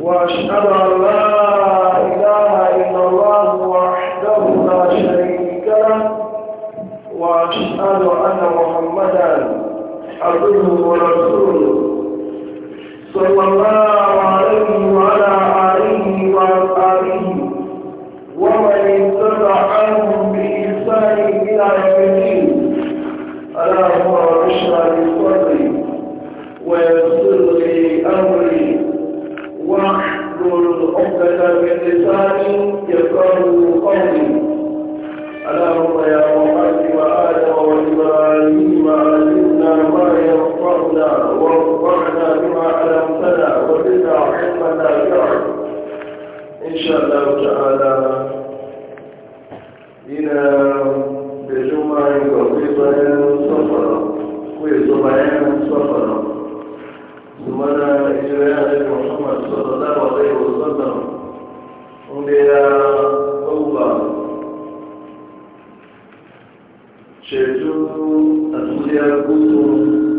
وأشهد أن لا إله إلا الله وحده لا شريك له وأشهد أن محمدا عبده ورسوله صلى الله عليه وعلى آله وأصحابه ومن اتبعهم بإحسان إلى يوم الدين اللهم اشرح لي صدري بلسان يفقه قولي اللهم يا محمد وآدم وإبراهيم علمنا ما ينفعنا وانفعنا بما علمتنا وزدنا علما نافعا إن شاء الله تعالى إلى بجمع قريبة صفرة ويجمعين صفرة ثم إلى إجراء محمد صلى الله عليه وسلم onda Allah će tu, a tu je kutom,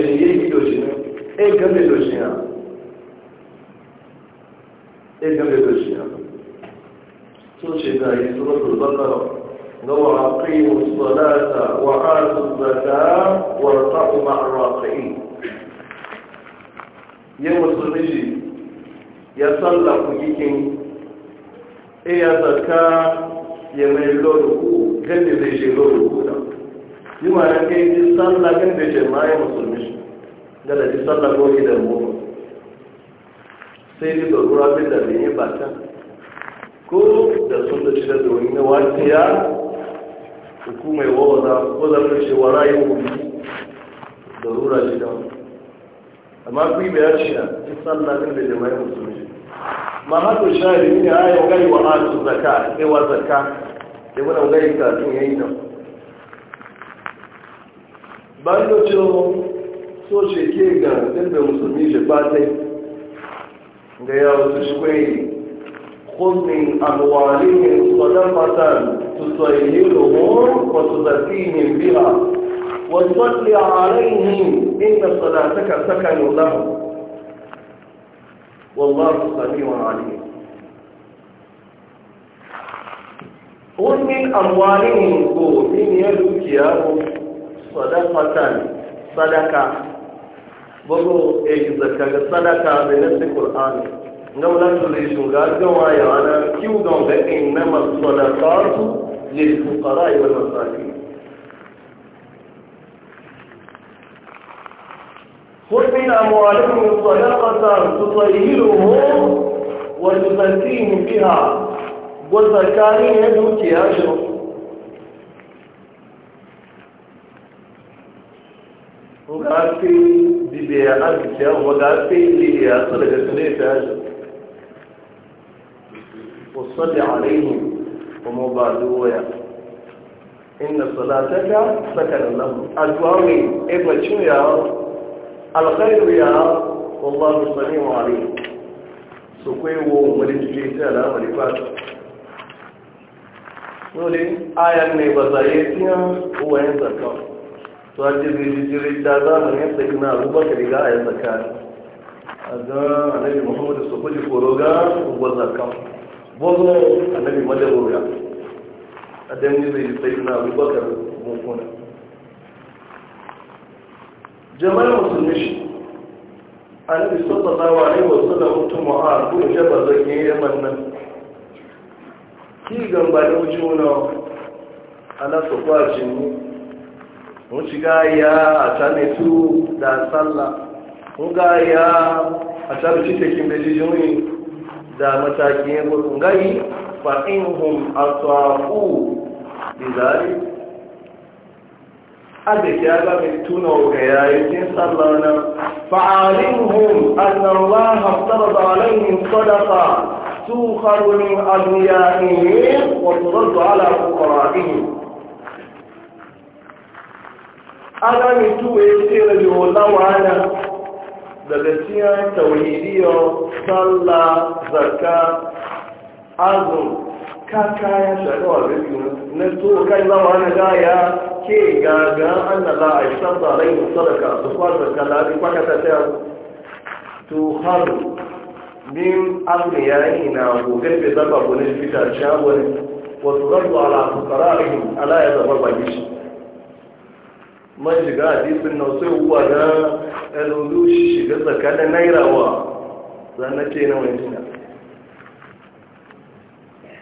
shi yi yi doshi ne e ga mai doshi akwai bayan shi na sallah din da jama'i musulmi ma haka shari ne a yau gai wa hatu zaka sai wa zaka da wani gai ka ya yi nan bayan da so ce ke ga ɗin da musulmi shi fatai ga yawon su shi kwaye kumin amwalin sadafatan su tsoyi yi domin ne biya وصل عليهم إن صلاتك سكن لهم والله سميع عليم قل من أموالهم قول إن يلوكيهم صدقة صدقة بقول إيه زكاة صدقة بنفس القرآن لو لا تريدون قال جوايا أنا كيو قوم إنما الصدقات للفقراء والمساكين قل من أموالكم صدقة تطهرهم وتزكيهم بها وزكاني يدوك يا أجر وقالتي ببيع أبكى وقالتي لي أصدقى سنية أجر وصل عليهم ومبادوية إن صلاتك سكن لهم أدوامي إبا شو يا alkhairu ya wallahu samiu alim so kwe wo mulki da ala mulifat dole ayan ne ba zaye tiya ko wayan zakka to aje bi jiri da da ne sai na abubakar ga ayan zakka aga annabi muhammad so kuje koroga ko zakka bozo annabi madawura adan yi sai na abubakar jama'ar musulmi annabi ne wasu da mutum ma'ar ko jaba zage yaman nan ki gamba da wujuna ala su kwajin jini mun shiga ya a tane su da sallah mun gaya a tabi da da jijiyoyi da matakin ya gudu gari fa'in hun a da zari أبك يا تنوك يا يتين صلى فعالمهم أن الله افترض عليهم صدقة تؤخر من أغنيائهم وترد على فقرائهم أنا من تو يصير الله انا دلتيا توحيدية صلى زكاة أظن kaka ya shaɗa wa rikin na so kai zama na gaya ke gaga an na za a yi san zarai sadaka su kwasa kalari kwakata ta to haru min abu ya yi na gogar bai zaba gudun fita shawar wasu zarzu ala fukararihim ala ya zaba bagi shi man shiga a jifin na sai uwa na ɗan shiga tsakanin nairawa zan na wani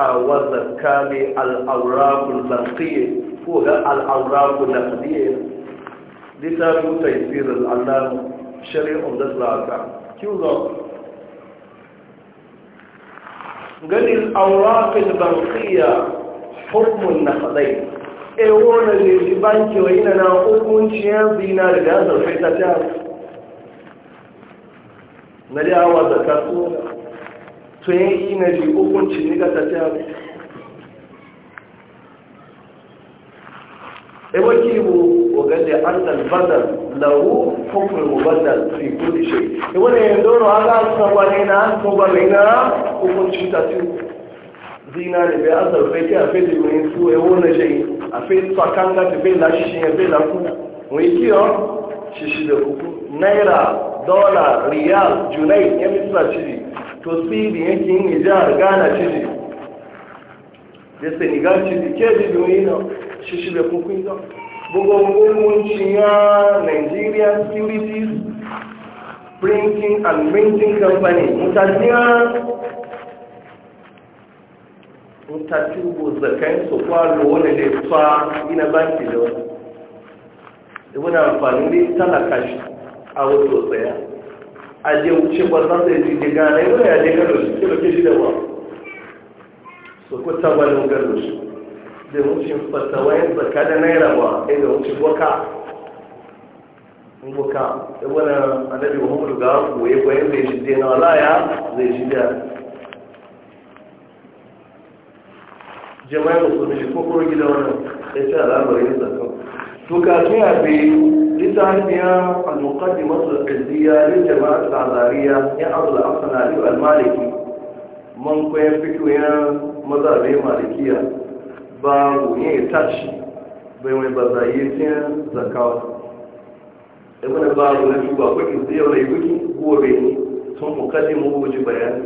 وزكاني الأوراق النقية فوق الأوراق النقدية دي تابعو تيسير الألام شريع عمدت لأكا كيو ذا قال الأوراق النقية حكم النقدية ايوانا لجبان كوينا ناقوكم شيئا بينا لجازر حيثة تابع نلي to yanki na ji hukunci ne ga tattara ewaki bu wagade an albadal lahu hukm mubadal fi kulli shay ewane yandoro ala sabalina sabalina hukunci ta ci zina ne bai an zarfe ke a fai limin su ya e wani shi a e fai tsakanga ta fai lashi shi ya fai laku wani kiyon shi shi da kuku naira dola riyal junai ya misra shiri to si da yankin nijar gana shiji da senegal shiji ke ji duniya shishi da kukun da bugon hukuncin Nigeria nigerian securities printing and printing company mutaniya mutatubo zakan su kwallo wani da fa ina banki da wani da wani amfani da talaka shi a wato tsaya Aje je wuce kwasan da ji ke gane wani ya shida ba su ku shi da wuce zaka da naira ba ai da wuce boka boka da wani annabi muhammadu ga koye koye zai shi na alaya zai shi da jama'a musulmi shi kokoro gida wannan ya ce alamar zaka to kafin لتعرفها المقدمة القدية للجماعة العذارية يعرض الأفنى المالكي من كوين فكوين مذهب مالكية باب يتش بين بزايتين زكاة ابن باب نفسه بابك ازاي ولا يبكي هو بيني ثم مقدم وجه بيان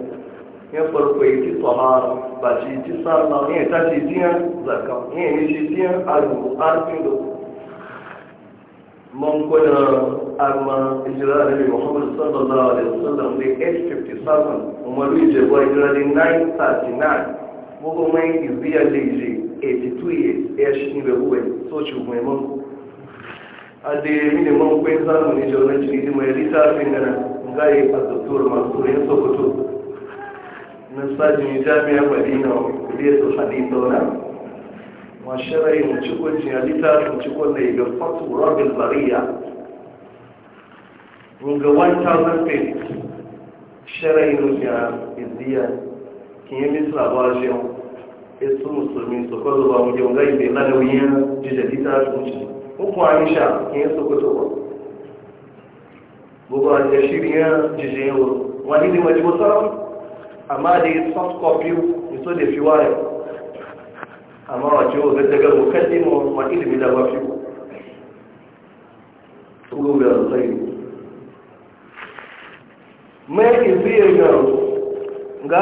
يفرق بيتي طهارة باشي تصار لا يتش يتين زكاة يتش يتين أربو أربو man kuna amma hijira da bi muhammad sallallahu alaihi wasallam da 857 umaru je wa 939 bugu mai da je 82 years ya shi ne bebuwe so ci mai man a da ya mini man kwai zamani jaunar jirgin mai littafin gana gaye a doktor masu yin sokoto na sajin jami'a madina da ya so hadisa wani ma shara'i wuce kwanci a littafin wuce kwanne ga fatu rabin bariya ga 1000 pages shara'i wuce a izziya kin yi misra ba shi yau esu musulmi su kwazo ba mu yau zai bai lanauyin jida littafin wuce hukun aisha kin yi su kwato ba gbogbo a shirya jijiyar wani ne majibu sarrafa amma da soft copy iso da fi wayo amma wa wace wa gaddagar mukallimu wa ilimi da mafi ku tsoro da alkhairu mai iziyar ga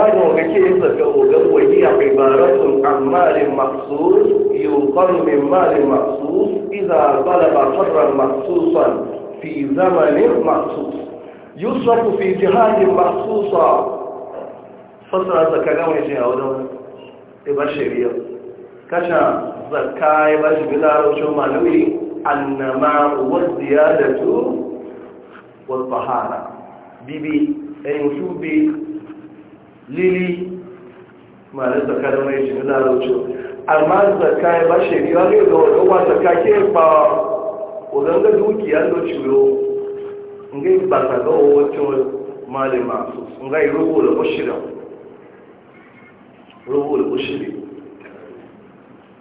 gano ga ke saka ogan waje a sun ibaratun amalin yi yukon mai malin maksus iza bala ba balaba farran maksusan fi zamanin maksus yusufu fi jihadin sa fasara saka gawon shi a wadon ibar shari'a kasha zakka ya ba shi bilarocin malami annama waziya da tu wasfahara bibi ɗayin eh, shubi lili malin zakka da mai shi bilarocin amma zakka ya ba shi riwa ne ga wadda zakka ke ba da dukiya da ciro ngai ba ta ga wacce malin masu ngai rubu da kushirin rubu da kushirin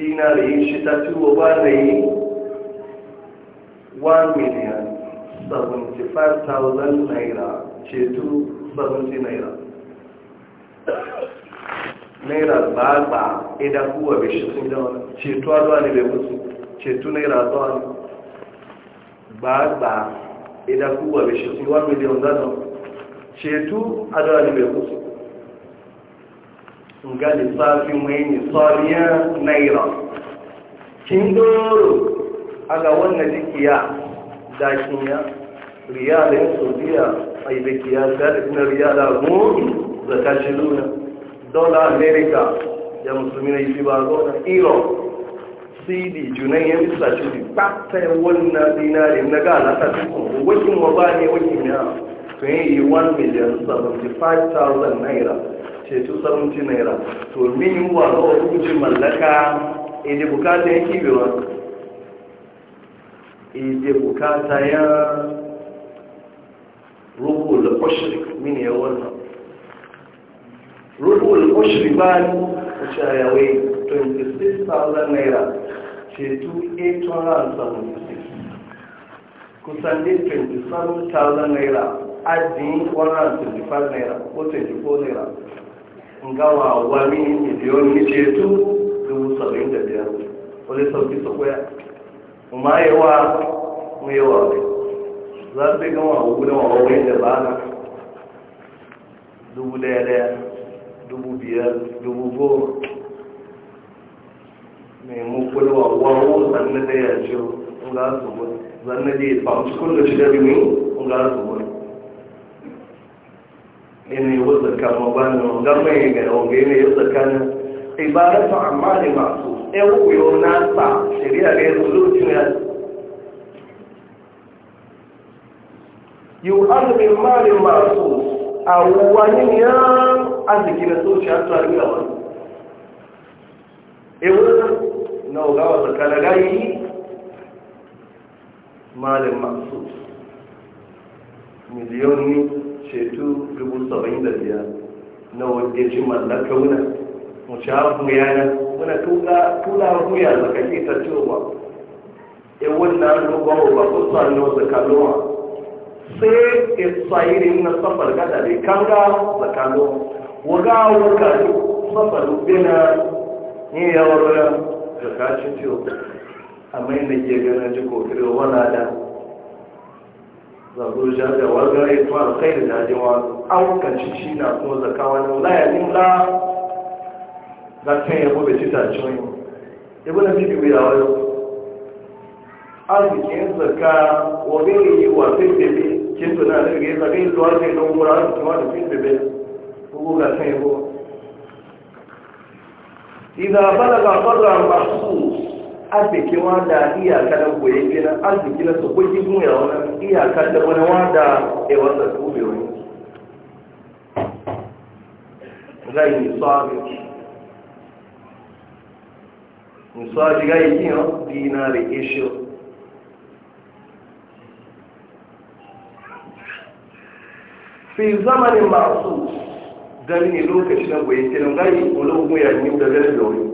dinari shi ta tuwo ba na yi 1 million 75,000 naira ceto 70 naira naira gbagba idan kuwa bai shi sun jawa ceto aduwa ne bai mutu ceto naira aduwa ne gbagba idan kuwa bai shi sun 1 million zanen ceto ne bai mutu ga lissafin mai nisariya naira kin doro a ga wannan jikiya dakiya riyalin saudiya a yi dakiya zaɗi na riyala mori zaka shi luna dola amerika ya musulmi na yi ba zona iran cd junai ya bisa shi ne ɓatar wannan dinarin na gana ta cikin wakin wa ba ne wakin ya tun yi 1 million 75,000 naira ce to sabunci naira to min yi wa ga wasu mallaka bukata ya kibewa ide bukata ya rubu da min ya wannan rubu da ba ni wuce a yawai 26,000 naira ceto 876 kusan 27,000 naira adin 125 naira ko 24 naira ngawa wani miliyon ni tu dubu da wani sauki su kuma yawa mu yawa ne za su gama wuda wa wani da ba na daya daya goma mai mukulwa wawo sannan da ya ce ga su zanna da ya ba su da shi da bimin ne yau zaka mabano don mai ga yawon ne yau zaka na ibaratu amma ne masu ewu yau na sa shari'a ga yanzu zuci ya yau azumin malin masu a wani ya arziki na zuciya su a riga wani ewu na ogawa zarka na gayi malin masu miliyoni ceto dubu saba'in da biyar na wadda ci mallaka wuna mu ci hafu yana muna tuka hafu ya zaka ke ta cewa e wannan rugon ba ko sanu zakalowa sai e tsayirin na safar gada ne kan ga zakalowa waga wuka safar bina ni ya warware zaka ci cewa amma ina ke ganin ji kokirin wana da zazo ja da warga ya tuwa kai da dajewa an kanci na kuma zaka wani wulaya din la za ta yi ci ta cita cewa ibu na bibi wuya wani arzikin zaka wani yi wa sai bebe kin na da ga zaka yi zuwa ne don wura su kuma da fin bebe ko ga kan yabo idan balaga farra mahsus arziki wanda iyaka na goye kenan arziki na sokoki guya wani iyaka da wani wanda ya wanda tsobe wani gai nisabi nisabi gai kiyan dinari ishiyo fi zamanin masu gani ne lokacin goye kenan gai ologun yanyi da gari da wani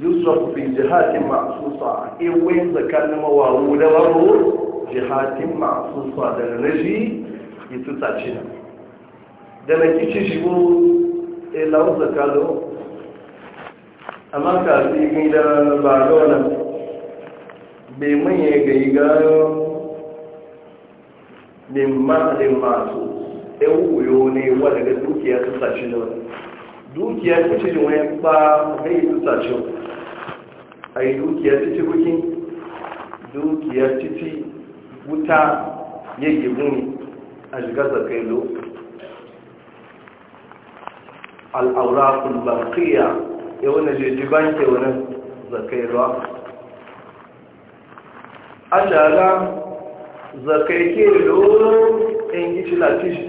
yusuf fi jihatin ma'asusa iwai tsakanin mawawu da baro jihatin ma'asusa da rashi ita tsaci na da na kici shigo ilawun zakalo amma ka fi yi da ba gauna bai yi masu ne dukiya tsaci na dúkìá kúchìrì wọn pa bẹ́ẹ̀ a yi dukiyar titi bukin dukiyar titi wuta ya yi muni a shigar da kai lo al'aurakun bankiya ya wani jeji banke wani zakai lo a shara zakai ke lo in shi latishi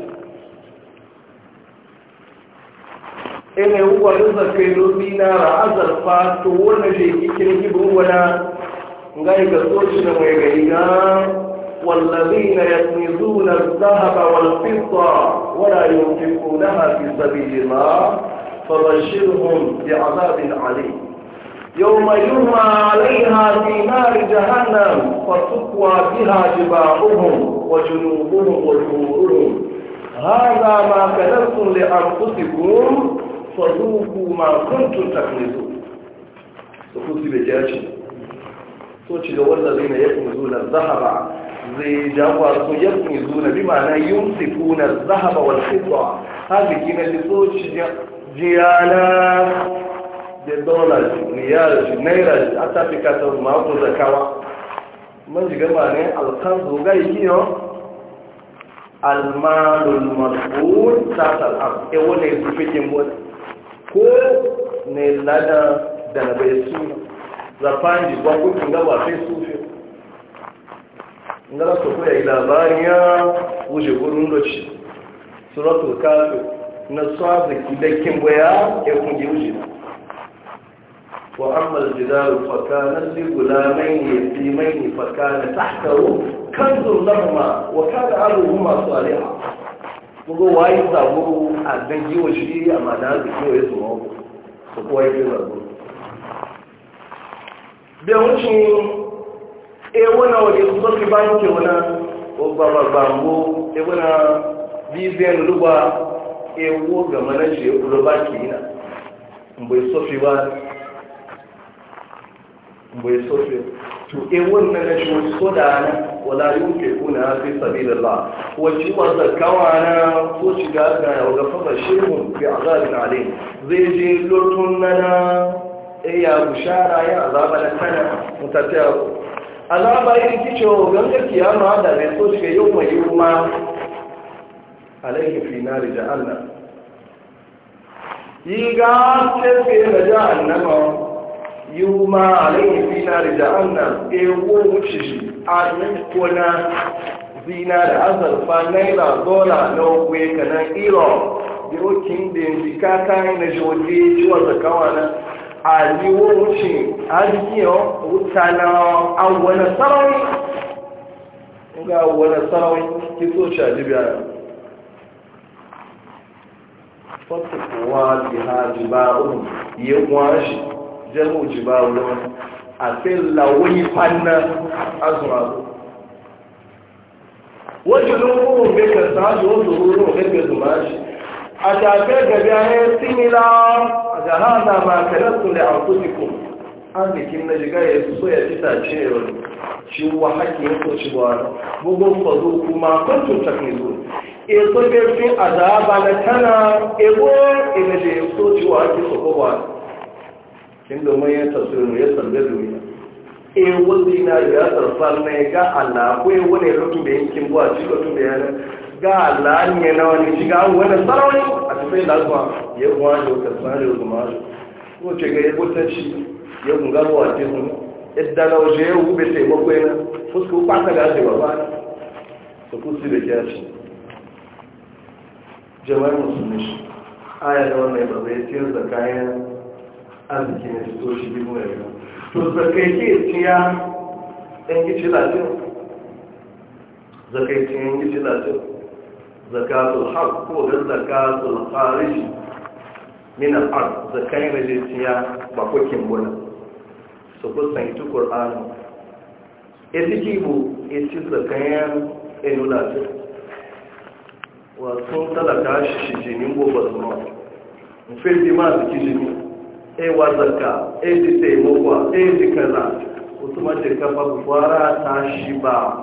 ina uwa rizar kai lobi na ra'azar fa to wannan da yake kirki bin wana ngai ga soci na mai gari na والذين يكنزون الذهب والفضة ولا ينفقونها في سبيل الله فبشرهم بعذاب عليم يوم يرمى عليها في نار جهنم فتقوى بها جباههم وجنوبهم وظهورهم هذا ما كنتم لأنفسكم fazuku ma kuntum taknizun su kusi bai kira shi so ci da wanda zai na yakun zuna zahaba zai jagwa su yakun zuna bi mana ma'ana na zahaba wal fidda haziki na lisoci jiyana da dollars riyals naira a ta fi kasa mako zakawa man shiga ba ne alkanzu ga ikiyo almalul mas'ul ta tal'am e wanda su fi fikin wani ko ne lada da na bai suna zafani gwagwukin ba sai sufe ngara su kuya yi labarin ya wuce loci doci suratul kafi na swazi kidakin baya ya kungi wuce na wa ammal jidaru fakana li gulamai ne fi mai ne fakana tahtaru kan zurlarma wa kada aluhuma saliha gbogbo wayi wa shi a mana da kiwo ya zuma ku su kuwa yi zago da wucin e wana waje su zafi bayan ke wana ewo ga mana shi ya kula ba ke yana mbai sofi ba mbai sofi to na soda wala yunfiquna fi sabilillah wace ba kawana ko shiga ga ga fama shehu fi azabin alim zai je lotun nana e ya bushara ya azaba na kana mutatiya azaba yin kicho ganga kiyama da bai so shiga yau mai kuma alaihi fi nar jahannam yiga tafe annama. jahannama yuma alaihi fi nar jahannam e wo wuce shi a ko na zina da azurfa naira dola na ogwe ka na iro da okin da yanzu ka kayan na jiwaje ciwon zakawa na a liwo wuce arzikiyo wuta na awwana sarawai ga awwana sarawai ki so um, shi a libya fata kowa bi ha jiba'un yi kwashi jamu jiba'un um, a àti ìlàwó ìpanná zuwa wọ́n jù ló kúrò gẹ́gẹ̀ sáájú ó tó rúrú gẹ́gẹ̀ zùmáṣì ga gẹ̀gẹ̀ ayé símílá àjàhánà máa kẹ́lẹ́kùnlẹ̀ da arzikin na shiga ya so ya fita ce yau shi wa haƙi ya so shi buwa bugun fazo kuma kwantun taknizo e so a zaba na tana ebo ina da ya so shi wa haƙi so kowa kin domin ya tasirin ya sarbe wuya e eh, wanda na ya sarfar ne ga Allah ko ya wani lutu da yankin buwa ci lutu da yana ga Allah ne na wani shiga wani sarari a tafi lagwa ya kuma da wata tsari da kuma ko ce ga ya butanci ya kunga ruwa ce sun idda na waje ya hube taimako yana fuska kwata ga ce ba su kusi da kyashi jama'in musulmi aya da wannan ba ya tiyar da kayan arziki ne su toshi biyu mai yau to zakaiti tiya yan gici latin zakaiti yan gici latin zakatul haq ko da zakatul kharij min al-ard zakai ne je tiya ba kokin bona su ko san itu qur'an etiki bu eti zakayan enulatin wa sun talaka shi jinin gobe zuma in fi ma zaki jinin Ewa, eh, zaka! e eh, ji taimakwa e eh, ji kaza wasu mace kafa gwara ta shi ba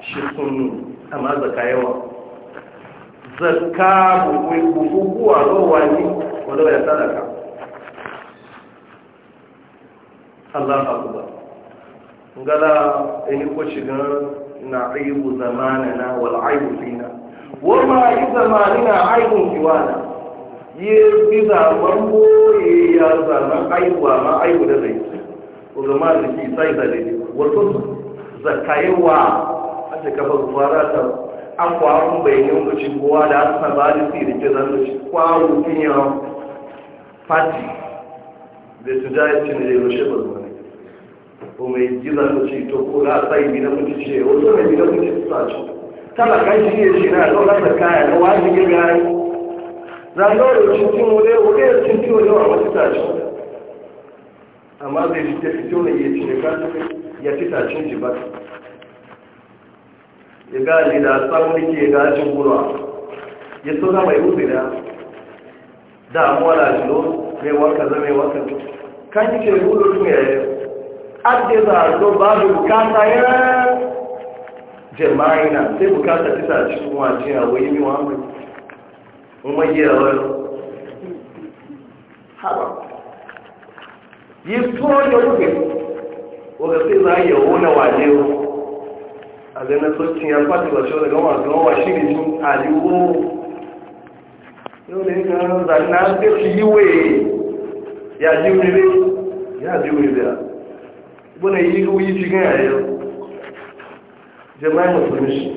shi sunu amma zaka yawa zaka bukukuwa rowani wadda ya sadaka Allah akubar ngala eni ko shigan na aibu zamanina wal aibu fina wama yi zamanina aibun kiwana ye bi zaman boye ya zaman aiwa ma aiwa da zai ulama da ke sai da dai wato zakaiwa a ce kafa fara ta an kwaron bayanin da shi kowa da an saba da su da ke zan da shi kwaro kinya fati da su ja yace ne da shi ba ko mai gina da shi to ko ga sai bi na mutu ce wato mai bi na mutu sa ci talaka shi ne shi na dole da kaya na wajibi ga zanzaro cikin wuri wuri ya cin ciwo yawa wani tashi amma zai fita fito ne ya cire kasu ya fi tashin ji ba ya gaji da samun ke gajin ya so zama yi uzira damuwa da jilo mai waka zama mai kan yi ke gudu tun ya. adde za a zo babu bukata ya jama'ina sai bukata umarji da wani haɓa yi tsoron da kuke wadda sai za a yi wuna waje a ganin ya fata ba shi daga wasu wa shi ne sun aliwo yau da yankan zanna da shi yi ya ji wuri ya ji wuri da bane yi ruwi cikin yayin jama'a musulmi shi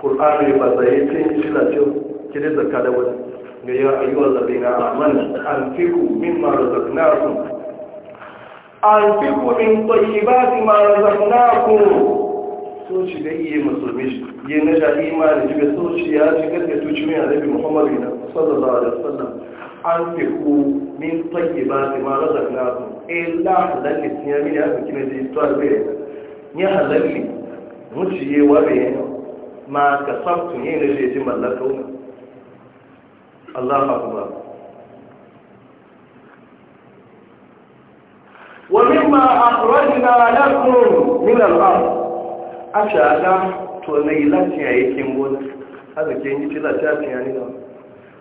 ƙul'ar ne ba zai yi cin shi lafiya kide zakka da wani ga ya ayyuwar labina amanu an fiku min marazaknakum an fiku min tayyibati marazaknakum so shi da iya musulmi shi yi na da imani ji ga so shi ya ci gaske tuci mai alabi muhammadu na sallallahu alaihi wasallam an fiku min tayyibati marazaknakum illa halalli tiya mini aka kina ji to albe ya halalli muciye wa bayan ma kasabtu ne na je ji mallakau Allah akbar wa mimma akhrajna lakum min al-ard ashaka to ne lati yayi kin gona haka ke yi tila ta tiya ni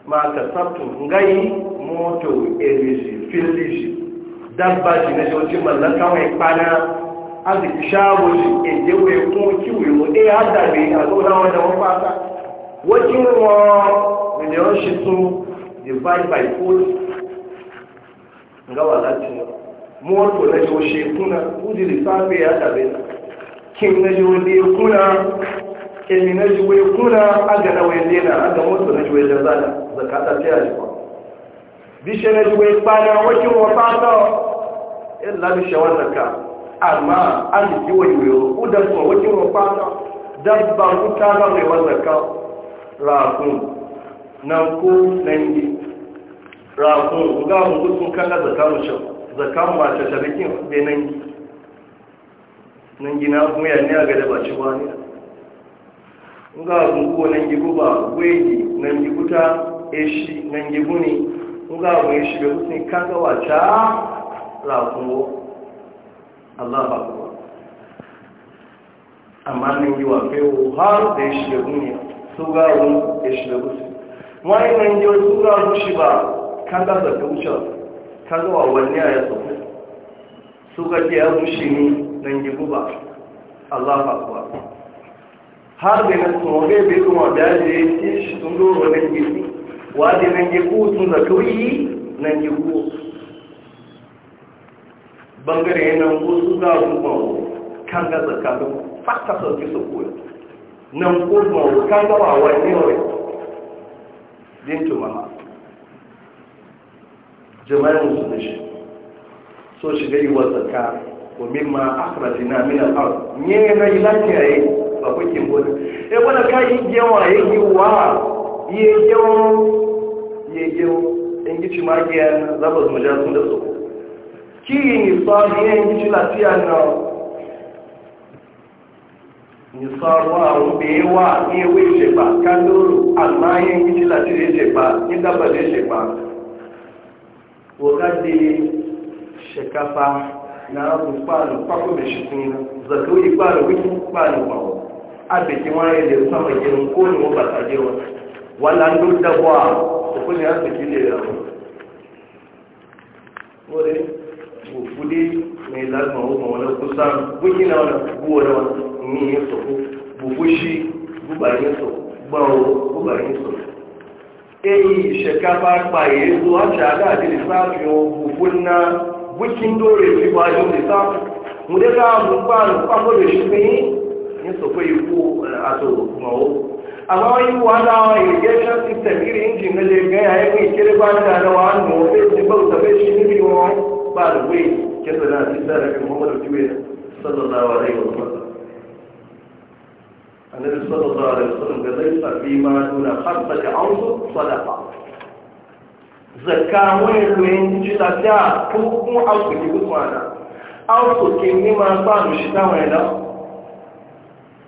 ma ka sabtu ngai moto eliji filiji dabba ji na jojin mallaka mai kwana arziki shago shi ejewe kuma kiwo ɗaya hada bai a zauna wanda wani fata working war relationship to divide by four ngawa lati moto na jo she kuna kudi lisafi ya dabe kin na jo de kuna kin na jo we kuna aga na we de na aga moto na jo da zala zakata ta ya ko bishe na jo we pana working war pato illa bi shawanaka amma an ji wayo udan ko working war pato dabba kutaba ne wazaka rakun na ku nangi yi rakun ga mu gutsun kalla zakamu shi zakamu ma ta tarikin be nangi nangi na gina ya ne ga gada ba shi ba ne ga gungu nangi gigu ba gwegi nangi giguta eshi nangi gigu ne ga mu eshi be gutsun kanga wa wata rakun Allah ba amma nangi wa fe o har da eshi be sugawun ya shiga gusi wani nan yau sugawun shi ba kan gasa ta wuce kan zuwa wani a ya sauku suka ke ya gushi ni nan gibu ba allah faɗuwa har da na tsoge bai kuma da ya ce shi sun doro nan gibu wadi nan gibu sun da kauyi nan gibu bangare nan gusu ga gumawo kan gasa kan fata sauki su koyo Na kuma kan gaba wani yau din tuma jama'in musu shi so shiga yi wasa ka wa mimma akhrajina min al-ard ne na ilaki yi ba kuke bodo e wala eh, ka yi yawa yi wa yi yawa yi yawa in gici zaba zabaz mujasun da su ki yi sahiyan gici lafiya na nisawa àwọn obìnrin wà ní ewé ìṣèpà kádóró àmáyé méjìlá tí lè ṣèpà ní dábà lè ṣèpà wọ́gádé ṣèkápá náà bù pààlù pápọ̀ mẹ́ṣìkún zàtò ìpààlù wíkú pààlù pàwọ̀ àbẹ̀kí wọ́n rẹ̀ lè sáwọn ìjẹun kó ní wọ́n bàtà jẹ́ wọn wà láńdó dábọ̀ à òkú ni àbẹ̀kí lè rà wọn. wọ́n rẹ̀ wò fúdé mẹ́lá gbọ̀n ó gbọ̀n wọn lọ kó sáà wíkí náà wọ́n ní yẹn sọ bùfúṣí bùbà yẹn sọ gbọ́rọ̀ bùbà yẹn sọ eyi ìṣẹ̀kápá pa èyí tó àṣà àdáàdì ìsáàfì òfófó ná wíkí ń dóòrè sí wájú ìsáàfì mo dé ká mú páàlù pápọ̀lẹ̀ ṣùgbọ́n yìí ní sọ̀pọ̀ ikú àtòmọ̀wó àmọ́ ikú aláwọ̀ irrigation system kiri engine lè gẹ́ àyẹ̀kú ìkéré bá ń dáná wa nù ó fẹ́ ti bọ́ òtàfẹ́ sí níbi wọn páàlù wéyì kẹsàn-án àti sẹ́rẹ̀ fún mọ́mọ́lù tíwé sọ́dọ̀ náà wà lẹ́yìn òtún annabi sallallahu alaihi wasallam ga zai sabi ma nuna harfa da auzu sadaqa zakka wani ruwan ji lafiya ko kuma an kuɗi gudwana an kuɗi nima ba mu shi ta wani da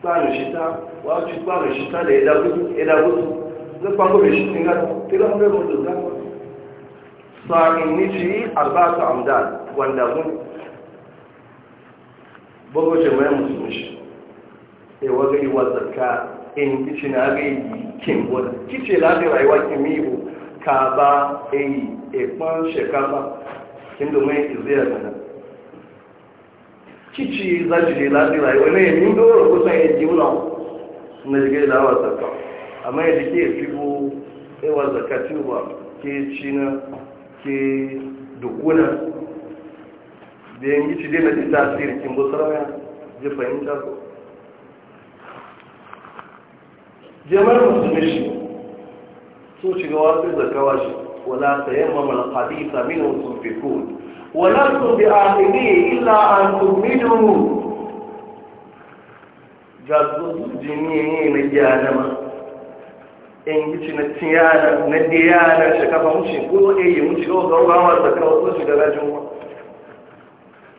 ba mu shi ta wa ci ba mu shi ta da ya dagudu ya dagudu zai kwango mai shi tinga tira mu da mu da zama sa'in ni ci arba'atu amdan wanda mun bugu jama'a musulmi e eh, waga yi wazarka in kici na ga yi kin gwada kice lafi rayuwa kin bu ka ba e eh, yi ekpan eh, shekaba kin domin izuyar da nan kici za shi lafi rayuwa na yi doro kusan ya jiuna na jigai da wazarka amma ya jike fi bu e wazarka tuba ke cina ke dukuna da yin kici dai na ji tasiri kin bu sarara ji fahimta ko جمرمو سمشي سوشي قواسي زكواشي ولا تيمم الحديث منه تنفكون ولستم بآخذيه إلا أن تؤمنوا جاسوس جنيني نجانما إنجيش نتيانا نديانا شكافا مشي قولوا إيه مشي أوضا وغاوة زكاوة سوشي قواسي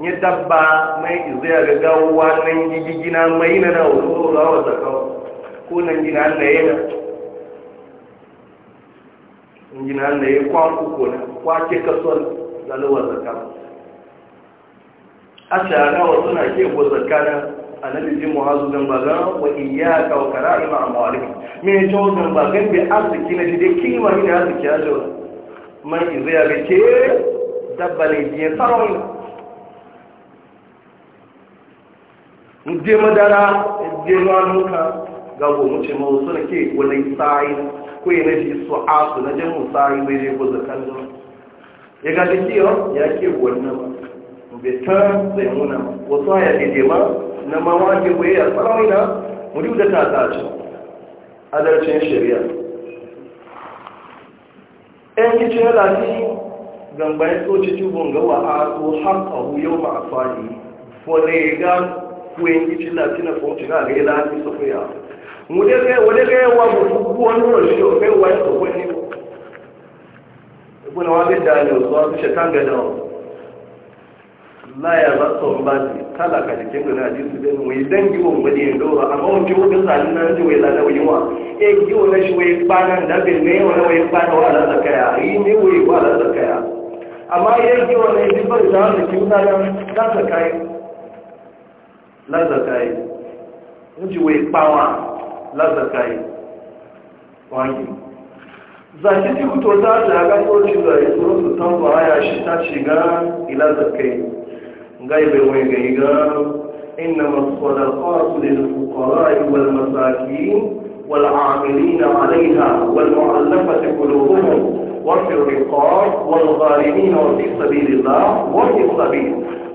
ni dabba mai zai ga gawa nan gigigina mai na da wuri za wata kawo. ko nan gina na yana gina na yi kwanku ko na kwake kasuwar zalawar zaka a shagawa suna ke ko zaka na annabi ji muhazu zan ba zan wa iyaka wa kara'ima a mawalikin mai cewa zan ba gan bi arziki na shi kima ne arziki ya ce mai zai ga ke dabba ne biyan sarawai je madara je ranuka ga gomu ce ma wasu nake wani sa'i ko yana ji su asu na jamu sa'i bai je ko zakan da ya ga da kiyo ya ke wannan bai ta zai muna wasu ya ke je ma na wa ke bai ya tsarawi na mudu da ta ta ce adalcin shari'a ɗan kicin lafi gambayin tsoci cibin gawa a ko haƙa yau ma a fadi fone gan kuyen kici na tina fonti na ga ila ni sofiya mu de ga wode ga wa mu ku wani ro shi o fe wa to ko ni ko na wa ga da e e ni so su shaitan ga da la ya ba to ba ni kala ka ji kinga na ji su de mu idan ji won wani ndo ra amma won ji won da nan ji wai la da wai wa e ji won na shi wai ba nan da bin ne wala wai ba da wala da kaya yi ne wai wala da kaya amma idan ji won ne ji ba da ki mutane za ka kai lázàkáyé wọ́n ti wọ wé pàwà lázàkáyé wáyé zaki ti kuto ta ta ga soci da ya tsoro su tambo aya shi ta shiga ila zakai gai bai wai gai ga inna masadaqatu lil fuqara'i wal masakin wal 'amilina 'alayha wal mu'allafati qulubuhum wa fi riqab wal gharimin wa fi sabilillah wa fi sabil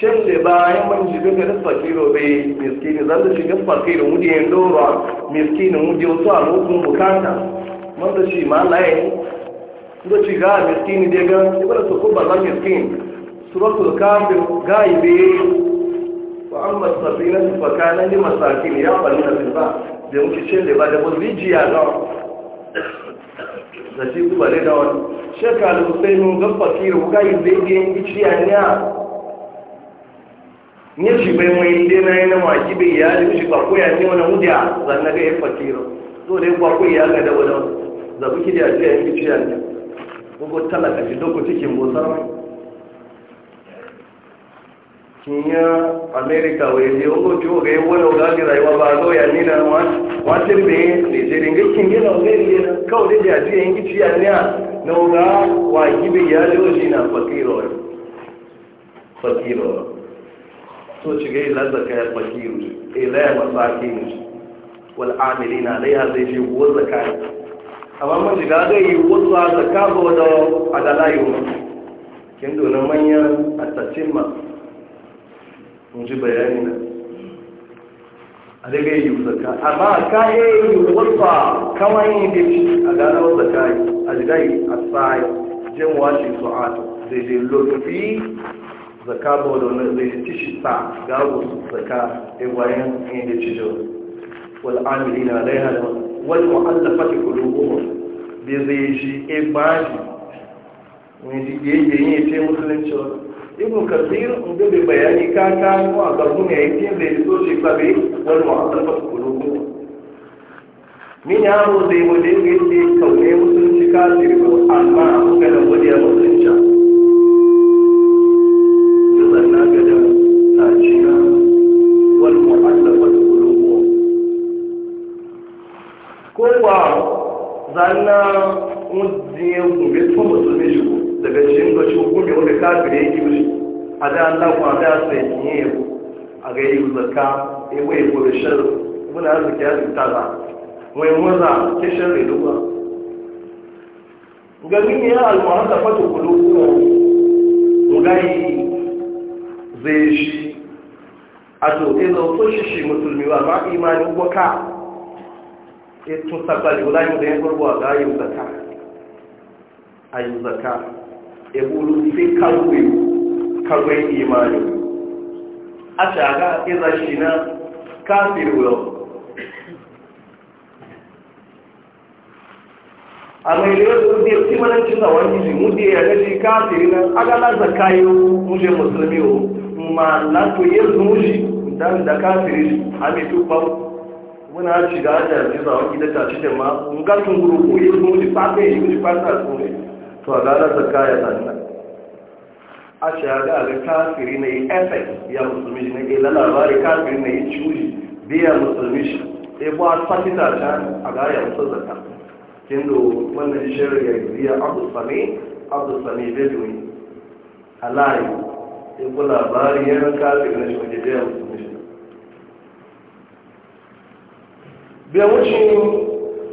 can da bayan man jibe ga fakiro bai miskini zan da shiga fakiro mudi ya dora miskini mudi wasu a lokacin bukata man da shi ma laye da shi ga miskini dai ga ibada su kuma zan miskin suratul kafir ga ibe wa amma safina su fakana ni masakin ya bani na ba da mu ce da ba da bu rijiya da shi kuma da wani shekaru sai mun ga fakiro ga ibe ga yin giciya nye shi bai mai dai na yana maki bai ya shi ba koya ne wani wuda zan na ga ya fakira so dai ba koya ga da wani zabu ki da ya yi ciya ne gogo talaka shi doko cikin bosar mai kinya america wai je gogo ciwo ga wani ga da rayuwa ba ga ya ni na wa wa tin be ne je dinga kinga na ga ne na kawai da ya yi ciya ne na ga wa gibe ya shi na fakira fakira so shiga ila zaka ya fakiru ila ya masakin wal na laya zai je go zaka amma mun shiga ga yi wasu zaka ba wada adalayu kin dole manyan ma in ji bayani na daga yi zaka amma ka yi wasu kawai da a adalawa zakai a tsaye jin washi su'atu zai je lokaci zaka ba da wani zai ci shi sa ga wasu zaka igwayen yin da ci jiwa wal amiri na dai hada wal muallafati ta bi da zai shi ibadi ne ji yake yin ce musulunci wa ibn kasir in da bai bayani ka ka ko a garbu ne yake zai so shi sabe wal muallafati min ya mu'allafa ta kulubu min ka ne wajen yake ka musulunci ko amma a kuka da wajen musulunci ngwa zanna mudziye gumbe tun musulmi shi daga cikin da shi gumbe wanda kafin ya yi shi a da Allah kuma da sai yi yau a ga yi zakka ya wai ko da shar muna arziki ya zuta ba wai maza ke shar da duba gamin ya almuhasa fata kudu kuma mu gayi zai shi a to ɗaya zaukun shi shi musulmi ba ma ko ka. E to sabali wala yi da yankwar wa ga yi zaka a yi zaka ya e buru fi kagwe kagwe imani a shaga iza e shi na kafin wuyo a mai liyo da ɗin biyu timananci na wani ji mu biya ya ji kafin na agana zaka yi muje musulmi o ma na to yi zuwa shi don da kafin shi hamitu kwamfu muna shiga hanyar jiza wa gida ta ci da ma ngatun guru ko yi su di fata yi mu fata su ne to a gara zakka ya sanna a shaga ga kafiri ne effect ya musulmi ne ke eh, la labari kafiri ne cuji biya musulmi shi e a sakita ta a gaya ya musu zakka kindo wannan shirin ya biya abu sami abu sami bedoyi alai e ko labari ya kafiri ne shi ne biya musulmi bai wuce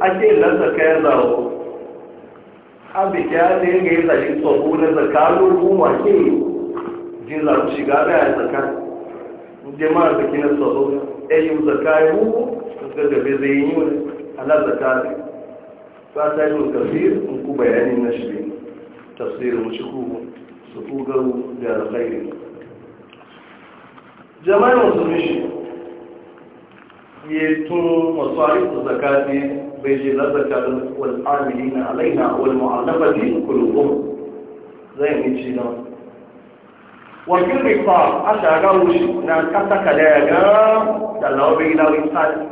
ake lantarka ya zaro abin ya ne ga yi zaji tsoro na zakarun ruwa ke jin zaru shiga ya zaka jama'a zaki na tsoro ya yi zaka ya ruhu gaggabe zai yi wani ala zaka ne ba ta yi tafsir in ku bayanin na shi tafsirin mu shi su ku da alkhairi jama'a musulmi shi yeto masu ariku zakati bai ji na zakati wani amini na alaina wani ma'adaba ji kulubun zai yi ci nan wakil rikpa a shaga wuce na kasa kada ya ga dalawa bai gina wani sati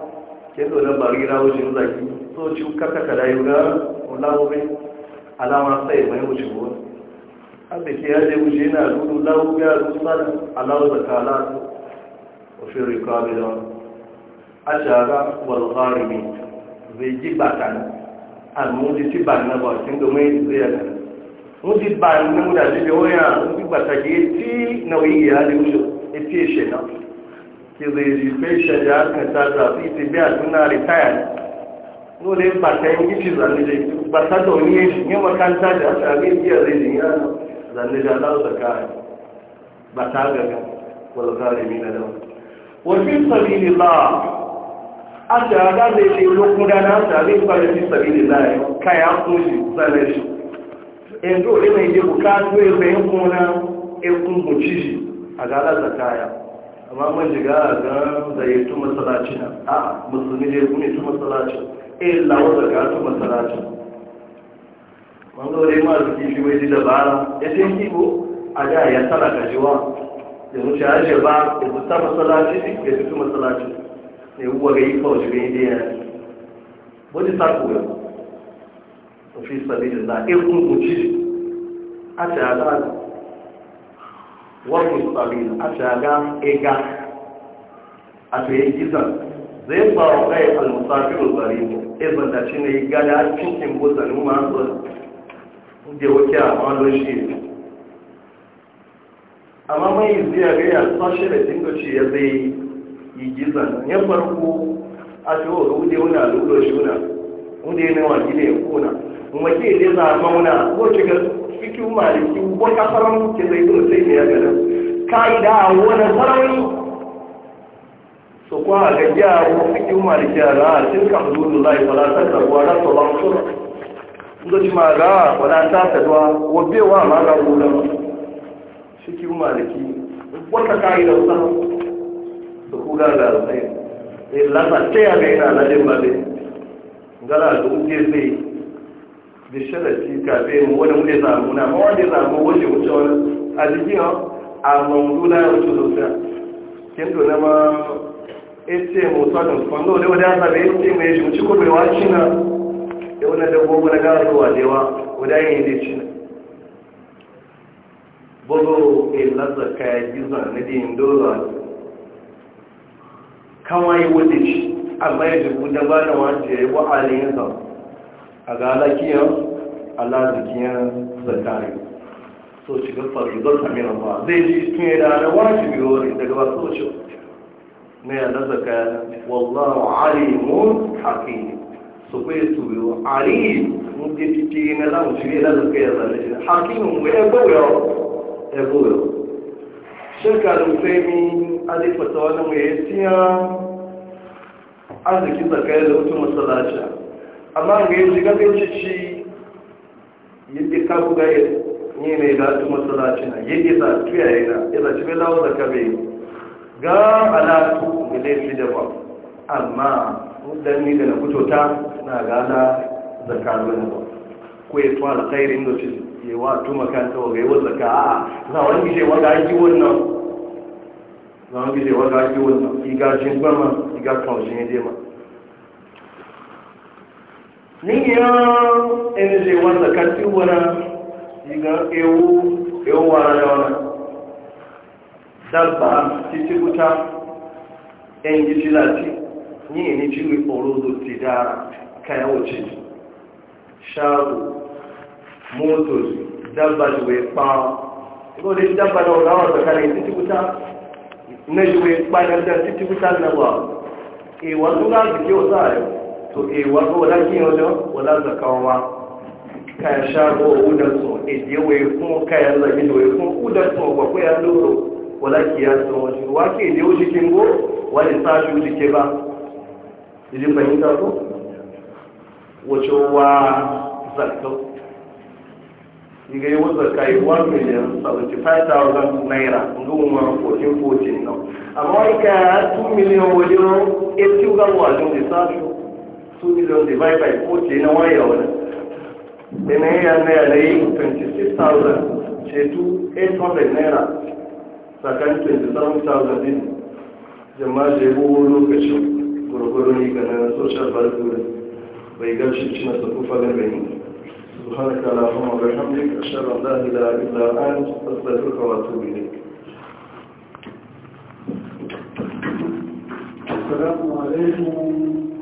ke bari gina wuce zaki so ci kasa kada ya ga alama sai mai wuce ko abin ke yaje wuce yana rudu lawo ya rusa alawar zakala ofin rikpa bai ashara wal gharimi zai ji bakan almuji ti ban na ba tin domin zai da muji ban na muda ji da waya muji bata ge ti na wi ya da mujo e ti she na ke zai ji fe she da ka ta da fi ti biya tuna retire no le ba ta yin ki za ni ba ta do ni e ni ta da ta ni ki ya zai ni ya za ni da lau da ka ba ta ga ga wal gharimi na da wa fi sabilillah aka ga zai ce lokun dana ta zai fara fi sabi da zai kaya so shi tsare shi in dole mai je bukatu ya bayan kuna ikun buci shi a gala zakaya amma man jiga a ga da ya tu masalaci na a musulmi ne kuma tu masalaci eh lawo da ga tu masalaci man dole ma su kifi wai da bara ya ce kibo a da ya tsara gajiwa yanzu shi ya ce ba ya ta masalaci ya tu masalaci ewúwo rẹ̀ yípo òṣèré ilé ẹ̀ bójú sáàkù rẹ̀ que sọ̀rọ̀ ìlú náà ekun gùnjì àti àgá wọ́pù sọ̀rọ̀ ìlú àti àgá ẹ̀gá àti eu zai ba é o kai almusafiru zari ne izin da shi ne ga da cikin bozani masu da wuce a igizan ya farko a tsoro wuce wuna lura shi wuna wunde na waje ne kuna wace ne za a mauna ko shiga cikin maliki ko kasaran ke zai zuwa sai ne ya gada ka'ida a wani sarari su kwa a gajiya ko cikin maliki a ra'a cin kan zuwa lai falatar da gwara su ba su ndoci ma ga wala ta ta duwa wabewa ma ga gudun cikin maliki wata ka'ida sarari su kuga ga alfai e lasa ce ya ga yana na jin babe gala da uke zai da sharafi mu wani muke zamu na ma wani zamu wuce wuce wani a jikin a mamudu na wuce sosai kin to na ma ete mu tsadon kwando da wadda zabe ete mai shi wuce ko bai wace na da wani na gara ruwa da yawa wadda yin zai ci na bogo e eh, lasa kaya giza na din dole Kawai yi wadda shi amma ya jiku da ba da wanda ya yi wa'alin yanzu a ga alakiyar alazikiyar zakari so ci ga farizar samira ba zai ji tun yi da ana wajibi wani daga ba so ci na yana zaka wallahu alimun haƙi su kai su biyo alim mun ke titi na zamu ci ne da zaka ya zane haƙi mu ya goyo ya goyo shirka da mutane alifata wani mai yasiya tiya arziki tsakayar da wata matsalaci amma ga yi shiga bai ci yadda ka buga ya ne mai da wata matsalaci na yadda za a tuya ya na ya zaci bai lawa zaka bai ga alatu mai laifi da ba amma wadda ni da na fito ta na gana zaka da ba ko ya tuwa alkhairin da su yi wa tu makanta wa ga yi wa zaka a za wani shi wa ga yi wannan na an gije wanda ake wannan iga jin gbama iga kan jin yade ma ni ya ene je wanda kati wana iga ewu ewu wara da wana dabba titi kuta ti dara kaya wuce shago motos dabba jiwe pa ibo da dabba da wanda wanda kare titi kuta na yi wai kpanar da titi wutar na wa. e wasu na zuke wasu a to e wasu wala ki wala zakawa ka sha ko so e je wai kun ka ya zagi da wai kun so ba ko ya loro wala ki ya so wajen wa ke je wuce kin go wani sa shi wuce ke ba idan fahimta ko wace wa nga yi wuzar ka yi 1 million 75,000 naira nga mu 14-14 na amma wani ka 2 million wajen 80 ga wajen da 2 million divide by 14 na waya wani da na yi yana yana yi 26,000 cetu 800 naira tsakanin 27,000 din jama'a jebu lokacin gurgurun yi ganin social value bai gashi cina sakufa gargani سبحانك اللهم وبحمدك أشهد أن لا إله إلا أنت أستغفرك وأتوب إليك السلام عليكم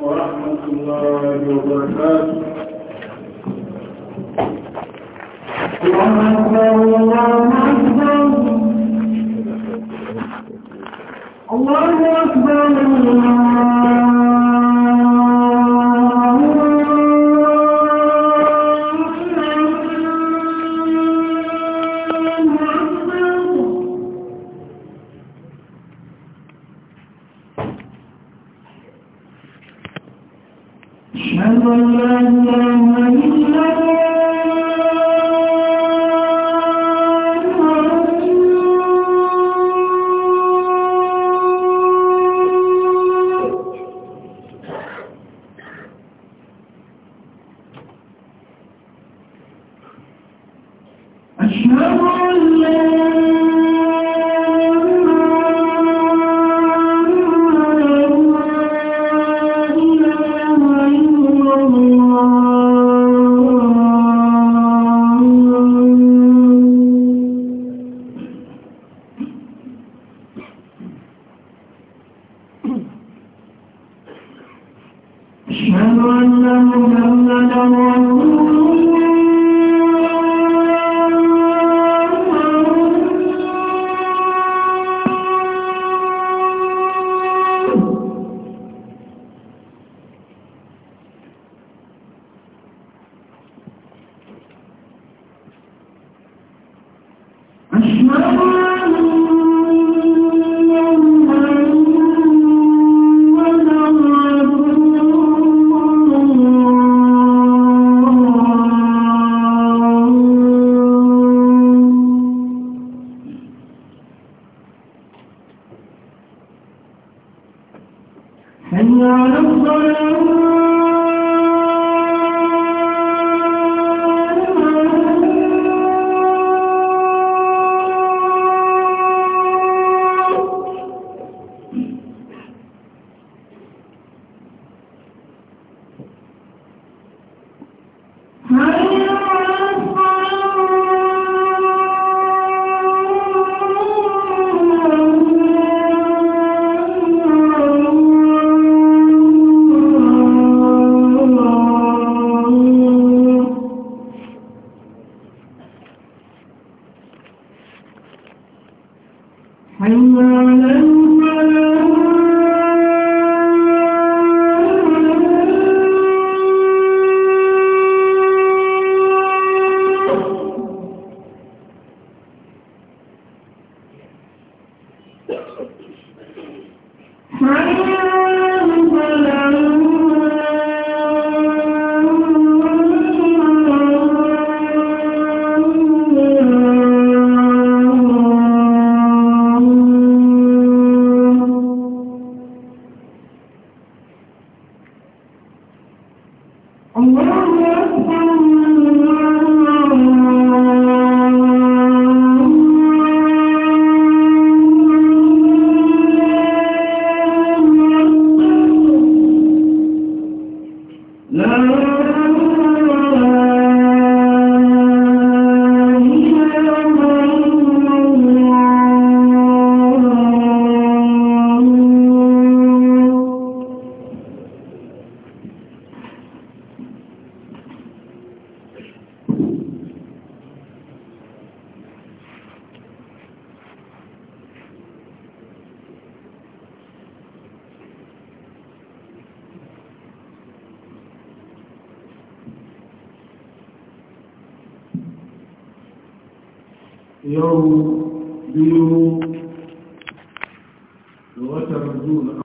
ورحمة الله وبركاته سبحان الله أكبر الله أكبر الله أكبر